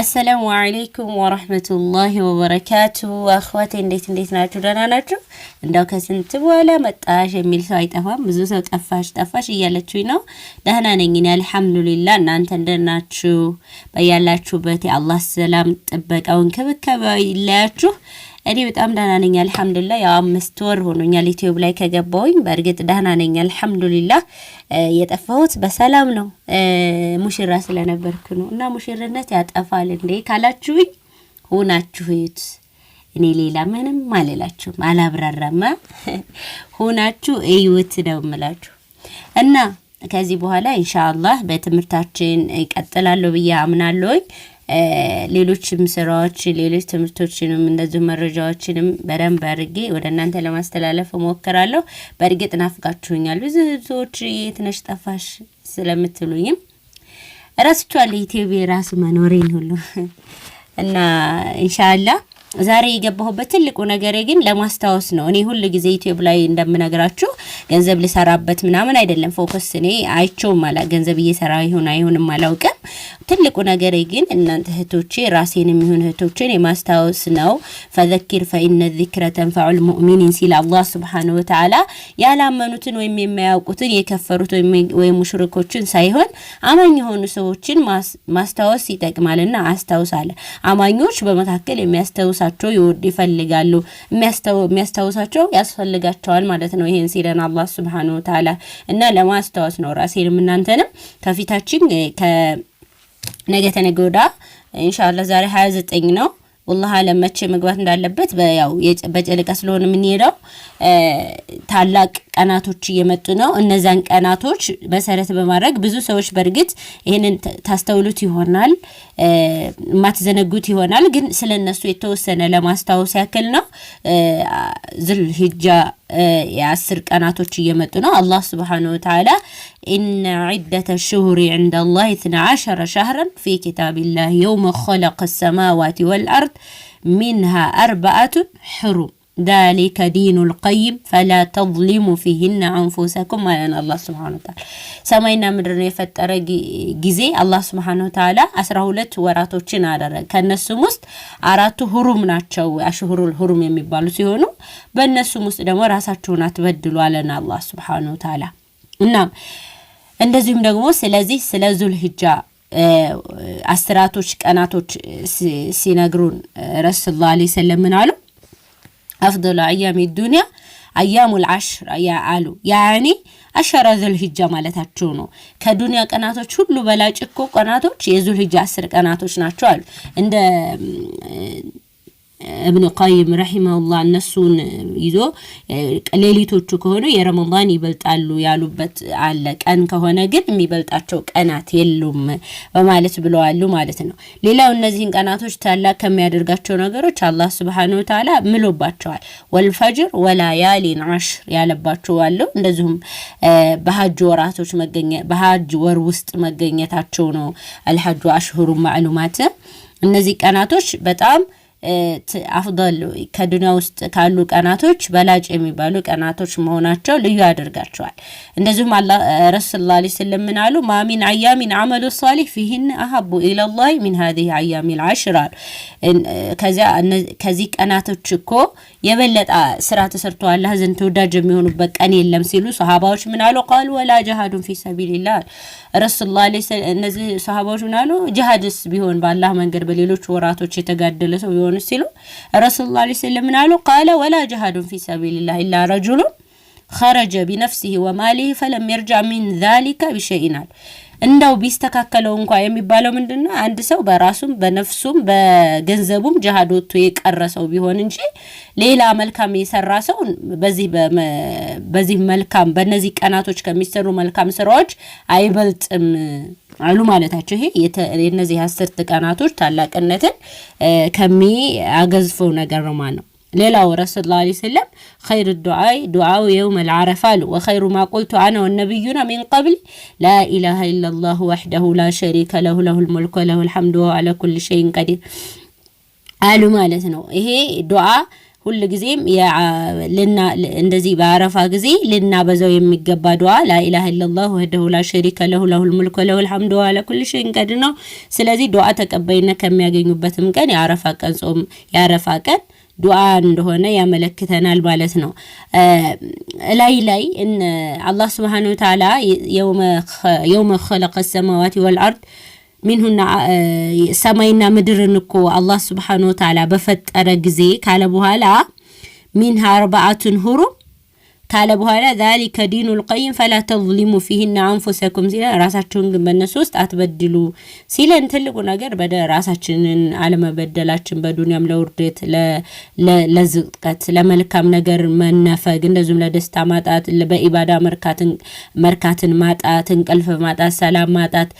አሰላሙ አለይኩም ወረህመቱላሂ ወበረካቱ። አኽዋቴ እንዴት እንዴት ናችሁ? ደህና ናችሁ? እንዳው ከስንት በኋላ መጣሽ የሚል ሰው አይጠፋም። ብዙ ሰው ጠፋሽ ጠፋሽ እያለችኝ ነው። ደህና ነኝ እኔ አልሐምዱሊላ። እናንተ እንደት ናችሁ? በያላችሁበት የአላህ ሰላም ጥበቃውን ክብካቤ ይለያችሁ። እኔ በጣም ደህና ነኝ አልሐምዱሊላ። ያው አምስት ወር ሆኖኛል ዩቲዩብ ላይ ከገባሁኝ። በእርግጥ ደህና ነኝ አልሐምዱሊላ። የጠፋሁት በሰላም ነው፣ ሙሽራ ስለነበርኩ ነው። እና ሙሽርነት ያጠፋል እንዴ ካላችሁኝ፣ ሆናችሁ እዩት። እኔ ሌላ ምንም አልላችሁም፣ አላብራራማ። ሆናችሁ እዩት ነው የምላችሁ እና ከዚህ በኋላ ኢንሻአላህ በትምህርታችን እቀጥላለሁ ብዬ አምናለሁኝ። ሌሎችም ስራዎች፣ ሌሎች ትምህርቶችንም እንደዚሁ መረጃዎችንም በደንብ አድርጌ ወደ እናንተ ለማስተላለፍ እሞክራለሁ። በእርግጥ ናፍቃችሁኛል ብዙ ህዝቦች የት ነሽ ጠፋሽ ስለምትሉኝም እረስቻለሁ ኢትዮጵያ የራሱ መኖሬን ሁሉ እና ኢንሻአላ ዛሬ የገባሁበት ትልቁ ነገር ግን ለማስታወስ ነው። እኔ ሁል ጊዜ ዩቲዩብ ላይ እንደምነግራችሁ ገንዘብ ልሰራበት ምናምን አይደለም ፎከስ። እኔ አይቼውም አላ ገንዘብ እየሰራ ይሁን አይሁንም አላውቅም። ትልቁ ነገር ግን እናንተ እህቶቼ ራሴን የሚሆን እህቶቼን የማስታወስ ነው። ፈዘኪር ፈኢነ ዚክረ ተንፈዑል ሙእሚኒን ሲል አላህ ስብሓነሁ ወተዓላ ያላመኑትን ወይም የማያውቁትን የከፈሩት ወይም ሙሽሪኮችን ሳይሆን አማኝ የሆኑ ሰዎችን ማስታወስ ይጠቅማልና አስታውሳለ። አማኞች በመካከል የሚያስታውሳቸው ይፈልጋሉ፣ የሚያስታውሳቸው ያስፈልጋቸዋል ማለት ነው። ይሄን ሲለን አላህ ስብሓነሁ ወተዓላ እና ለማስታወስ ነው ራሴንም እናንተንም ከፊታችን ነገ ተነገ ወዲያ ኢንሻአላህ ዛሬ 29 ነው። ወላሂ መቼ መግባት እንዳለበት ያው በጨለቃ ስለሆነ የምንሄደው ታላቅ ቀናቶች እየመጡ ነው። እነዛን ቀናቶች መሰረት በማድረግ ብዙ ሰዎች በእርግጥ ይህንን ታስተውሉት ይሆናል፣ የማትዘነጉት ይሆናል። ግን ስለነሱ የተወሰነ ለማስታወስ ያክል ነው ዝል የአስር ቀናቶች እየመጡ ነው። አላህ ስብሓነሁ ወተዓላ ኢነ ዒደተ ሽሁሪ ዐንደ አላህ ኢትና ዐሸረ ሸህረን ፊ ኪታቢላህ የውመ ኸለቀ ሰማዋት ወልአርድ ሚንሃ አርበዐቱን ሕሩም ذلك ዲኑ ልቀይም ፈላ ተظሊሙ ፊህና አንፉሰኩም አለን። አላህ ስብሃነ ወተዓላ ሰማይና ምድርን የፈጠረ ጊዜ አላህ ስብሃነ ወተዓላ አስራ ሁለት ወራቶችን አደረገ። ከእነሱም ውስጥ አራቱ ሁሩም ናቸው፣ አሽሁሩል ሁሩም የሚባሉ ሲሆኑ በእነሱም ውስጥ ደግሞ ራሳችሁን አትበድሉ አለን አላህ ስብሃነ ወተዓላ። እናም እንደዚሁም ደግሞ ስለዚህ ስለ ዙልሂጃ አስራቶች ቀናቶች ሲነግሩን ረሱል ላ ሰለም አሉ? አፍዶሎ አያሚ ዱንያ አያሙል አሽር ያአሉ ያኒ አሸረ ዙልሂጃ ማለታቸው ነው። ከዱንያ ቀናቶች ሁሉ በላጭ እኮ ቀናቶች የዙልሂጃ አስር ቀናቶች ናቸው አሉ እንደ እብን ቀይም ረሂመሁላህ እነሱን ይዞ ሌሊቶቹ ከሆኑ የረመዳን ይበልጣሉ ያሉበት አለ። ቀን ከሆነ ግን የሚበልጣቸው ቀናት የሉም በማለት ብለዋሉ ማለት ነው። ሌላው እነዚህን ቀናቶች ታላቅ ከሚያደርጋቸው ነገሮች አላህ ስብሐነሁ ወተዓላ ምሎባቸዋል። ወልፈጅር ወላያሊን አሽር ያለባቸው አሉ። እንደዚሁም በሀጅ ወራቶች በሀጅ ወር ውስጥ መገኘታቸው ነው። አልሐጁ አሽሁሩ ማዕሉማት እነዚህ ቀናቶች በጣም አፍል ከዱኒያ ውስጥ ካሉ ቀናቶች በላጭ የሚባሉ ቀናቶች መሆናቸው ልዩ ያደርጋቸዋል። እንደዚሁም ረሱል ላ ስለም ምን አሉ? ማሚን አያሚን አመሉ ሳሊህ ፊህን አሀቡ ኢለላ ሚን ሀዚህ አያሚ አሽር አሉ። ከዚህ ቀናቶች እኮ የበለጠ ስራ ተሰርቶ አላህ ዘንድ ተወዳጅ የሚሆኑበት ቀን የለም ሲሉ ሰሃባዎች ምን አሉ? ቃሉ ወላ ጀሃዱን ፊ ሰቢልላ አሉ። ረሱል እነዚህ ሰሃባዎች ምን አሉ? ጅሃድስ ቢሆን በአላህ መንገድ በሌሎች ወራቶች የተጋደለ ሰው ትብሉን ሲሉ ረሱል ላ ስለም ምን አሉ? ቃለ ወላ ጀሃዱን ፊ ሰቢልላህ ኢላ ረጁሉን ኸረጀ ቢነፍሲሂ ወማሊሂ ፈለም የርጃ ሚን ዛሊከ ቢሸይን አሉ እንዳው ቢስተካከለው እንኳ የሚባለው ምንድን ነው? አንድ ሰው በራሱም በነፍሱም በገንዘቡም ጅሃድ ወጥቶ የቀረ ሰው ቢሆን እንጂ ሌላ መልካም የሰራ ሰው በዚህ መልካም በእነዚህ ቀናቶች ከሚሰሩ መልካም ስራዎች አይበልጥም አሉ ማለታቸው። ይሄ የእነዚህ አስርት ቀናቶች ታላቅነትን ከሚያገዝፈው ነገር ነው ማለት ነው። ሌላው ረሱል ላ ሰለም ኸይር ዱዓይ ዱዓው የውም ልዓረፋ አሉ። ወኸይሩ ማ ቁልቱ አነ ወነቢዩና ሚን ቀብል ላኢላሃ ኢላ ላሁ ወሕደሁ ላ ሸሪከ ለሁ ለሁ ልሙልክ ወለሁ ሐምዱ ወዐላ ኩል ሸይን ቀዲር አሉ ማለት ነው። ይሄ ዱዓ ሁል ጊዜም እንደዚህ በአረፋ ጊዜ ልናበዛው የሚገባ ዱዓ ላኢላሃ ኢለላሁ ወህደሁ ላ ሸሪከ ለሁ ለሁ ልሙልክ ወለሁል ሐምዱ ወዐላ ኩል ሸይን ቀዲር ነው። ስለዚህ ዱዓ ተቀባይነት ከሚያገኙበትም ቀን የአረፋ ቀን ጾም የአረፋ ቀን ዱዓ እንደሆነ ያመለክተናል ማለት ነው። ላይ ላይ አላህ ስብሓነሁ ወተዓላ የውመ ኸለቀ ሰማዋት ወልአርድ ሚንሁና ሰማይና ምድርን እኮ አላህ ስብሓነሁ ወተዓላ በፈጠረ ጊዜ ካለ በኋላ ሚንሃ አርባአቱን ሁሩም ካለ በኋላ ዛሊከ ዲኑ ልቀይም ፈላ ተዝሊሙ ፊህና አንፉሰኩም ሲለን ራሳችሁን ግን በእነሱ ውስጥ አትበድሉ ሲለን ትልቁ ነገር በደ ራሳችንን አለመበደላችን በዱንያም ለውርደት፣ ለዝቀት፣ ለመልካም ነገር መነፈግ፣ እንደዚሁም ለደስታ ማጣት፣ በኢባዳ መርካትን ማጣት፣ እንቅልፍ ማጣት፣ ሰላም ማጣት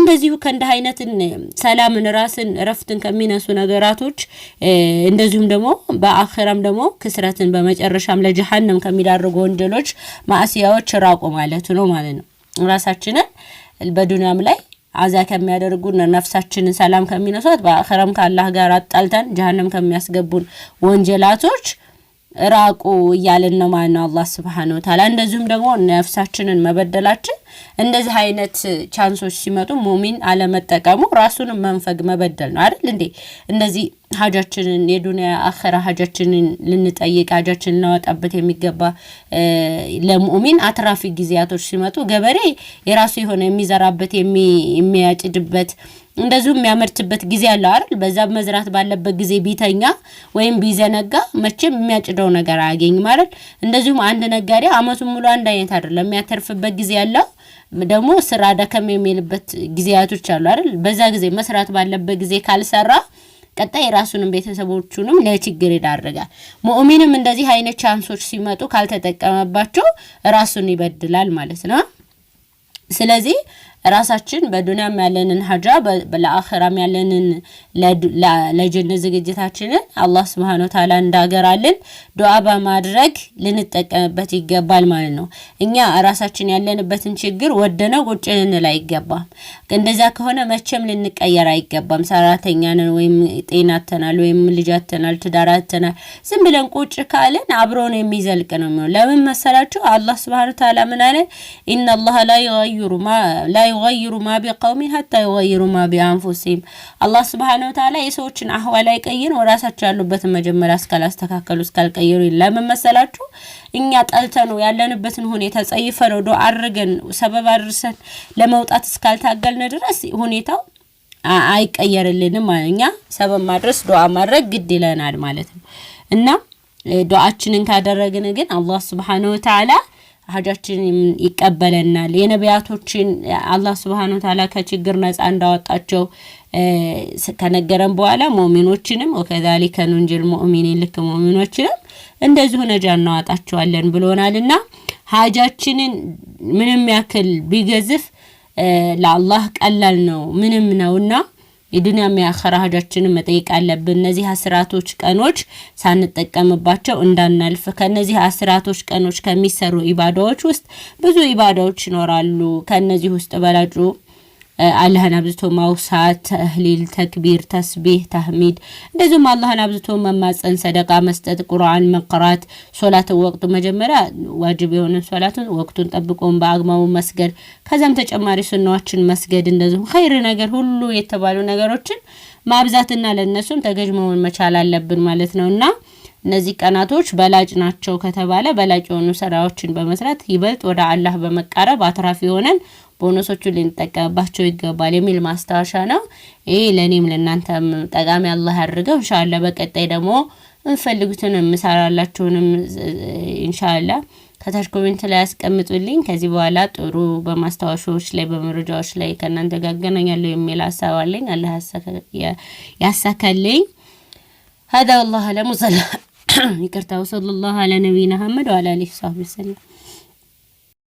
እንደዚሁ ከእንደ አይነትን ሰላምን ራስን እረፍትን ከሚነሱ ነገራቶች እንደዚሁም ደግሞ በአኸራም ደግሞ ክስረትን በመጨረሻም ለጀሃነም ከሚዳርጉ ወንጀሎች ማእስያዎች ራቁ ማለት ነው ማለት ነው። ራሳችንን በዱንያም ላይ አዛ ከሚያደርጉን ነፍሳችንን ሰላም ከሚነሷት በአኸረም ከአላህ ጋር አጣልተን ጀሀነም ከሚያስገቡን ወንጀላቶች ራቁ እያልን ነው ማለት ነው አላህ ስብሓን ወታላ እንደዚሁም ደግሞ ነፍሳችንን መበደላችን እንደዚህ አይነት ቻንሶች ሲመጡ ሙሚን አለመጠቀሙ ራሱንም መንፈግ መበደል ነው አይደል እንዴ? እንደዚህ ሀጃችንን የዱንያ አኸራ ሀጃችንን ልንጠይቅ ሀጃችን ልናወጣበት የሚገባ ለሙሚን አትራፊ ጊዜያቶች ሲመጡ ገበሬ የራሱ የሆነ የሚዘራበት የሚያጭድበት እንደዚሁ የሚያመርችበት ጊዜ አለው አይደል? በዛ መዝራት ባለበት ጊዜ ቢተኛ ወይም ቢዘነጋ መቼም የሚያጭደው ነገር አያገኝ ማለት። እንደዚሁም አንድ ነጋዴ አመቱን ሙሉ አንድ አይነት አይደለም። የሚያተርፍበት ጊዜ አለው፣ ደግሞ ስራ ደከም የሚልበት ጊዜያቶች አሉ አይደል? በዛ ጊዜ መስራት ባለበት ጊዜ ካልሰራ ቀጣይ የራሱንም ቤተሰቦቹንም ለችግር ይዳርጋል። ሙእሚንም እንደዚህ አይነት ቻንሶች ሲመጡ ካልተጠቀመባቸው ራሱን ይበድላል ማለት ነው። ስለዚህ ራሳችን በዱንያም ያለንን ሀጃ ለአኸራም ያለንን ለጀነት ዝግጅታችንን አላህ ስብሃነ ወተዓላ እንዳገራልን ዱዓ በማድረግ ልንጠቀምበት ይገባል ማለት ነው። እኛ ራሳችን ያለንበትን ችግር ወደነው ቁጭ ልንል አይገባም። እንደዚያ ከሆነ መቼም ልንቀየር አይገባም። ሰራተኛ ነን ወይም ጤና አተናል ወይም ልጅ አተናል ትዳር አተናል ዝም ብለን ቁጭ ካለን አብሮን የሚዘልቅ ነው የሚሆን። ለምን መሰላችሁ? አላህ ስብሃነ ወተዓላ ምን አለ? ኢነላህ ላ ይገይሩ ማ ቢቀውሚን ሀታ ይገይሩ ማ ቢአንፉሲም አላህ ስብሐነሁ ወተዓላ የሰዎችን አህዋል አይቀይርም ራሳቸው ያሉበትን መጀመሪያ እስካላስተካከሉ እስካልቀየሩ። ለምን መሰላችሁ? እኛ ጠልተነው ያለንበትን ሁኔታ ጸይፈነው ዶ አድርገን ሰበብ አድርሰን ለመውጣት እስካልታገልን ድረስ ሁኔታው አይቀየርልንም። እኛ ሰበብ ማድረስ ዱዓ ማድረግ ግድ ይለናል ማለት ነው እና ዱዓችንን ካደረግን ግን አላህ ስብሐነሁ ወተዓላ ሀጃችን ይቀበለናል። የነቢያቶችን አላህ ስብሃነ ወተዓላ ከችግር ነፃ እንዳወጣቸው ከነገረን በኋላ ሙእሚኖችንም ወከዛሊከ ኑንጂል ሙእሚኒን ልክ ሙእሚኖችንም እንደዚሁ ነጃ እናዋጣቸዋለን ብሎናልና ሀጃችንን ምንም ያክል ቢገዝፍ ለአላህ ቀላል ነው ምንም ነውና የዱንያም የአኸራ ሀጃችንን መጠየቅ አለብን። እነዚህ አስራቶች ቀኖች ሳንጠቀምባቸው እንዳናልፍ። ከነዚህ አስራቶች ቀኖች ከሚሰሩ ኢባዳዎች ውስጥ ብዙ ኢባዳዎች ይኖራሉ። ከእነዚህ ውስጥ በላጩ አላህን አብዝቶ ማውሳት፣ ተህሊል፣ ተክቢር፣ ተስቢህ፣ ተህሚድ እንደዚሁም አላህን አብዝቶ መማፀን፣ ሰደቃ መስጠት፣ ቁርአን መቅራት፣ ሶላት ወቅቱ መጀመሪያ ዋጅብ የሆነ ሶላቱን ወቅቱን ጠብቆን በአግማሙ መስገድ፣ ከዛም ተጨማሪ ሱናዎችን መስገድ፣ እንደዚሁም ኸይር ነገር ሁሉ የተባሉ ነገሮችን ማብዛትና ለነሱም ተገዥ መሆን መቻል አለብን ማለት ነው እና እነዚህ ቀናቶች በላጭ ናቸው ከተባለ በላጭ የሆኑ ስራዎችን በመስራት ይበልጥ ወደ አላህ በመቃረብ አትራፊ የሆነን ቦነሶቹን ልንጠቀምባቸው ይገባል የሚል ማስታወሻ ነው። ይህ ለእኔም ለእናንተም ጠቃሚ አላህ ያድርገው። እንሻላ በቀጣይ ደግሞ እንፈልጉትን የምሰራላችሁንም እንሻላ ከታች ኮሜንት ላይ ያስቀምጡልኝ። ከዚህ በኋላ ጥሩ በማስታወሻዎች ላይ በመረጃዎች ላይ ከእናንተ ጋር አገናኛለሁ የሚል ሀሳብ አለኝ። አላህ ያሳካልኝ። ሀዳ ወላሁ አለሙ። ይቅርታ። ወሰለላሁ አላ ነቢይና ሐመድ ወአላ አሊሂ ወሰለም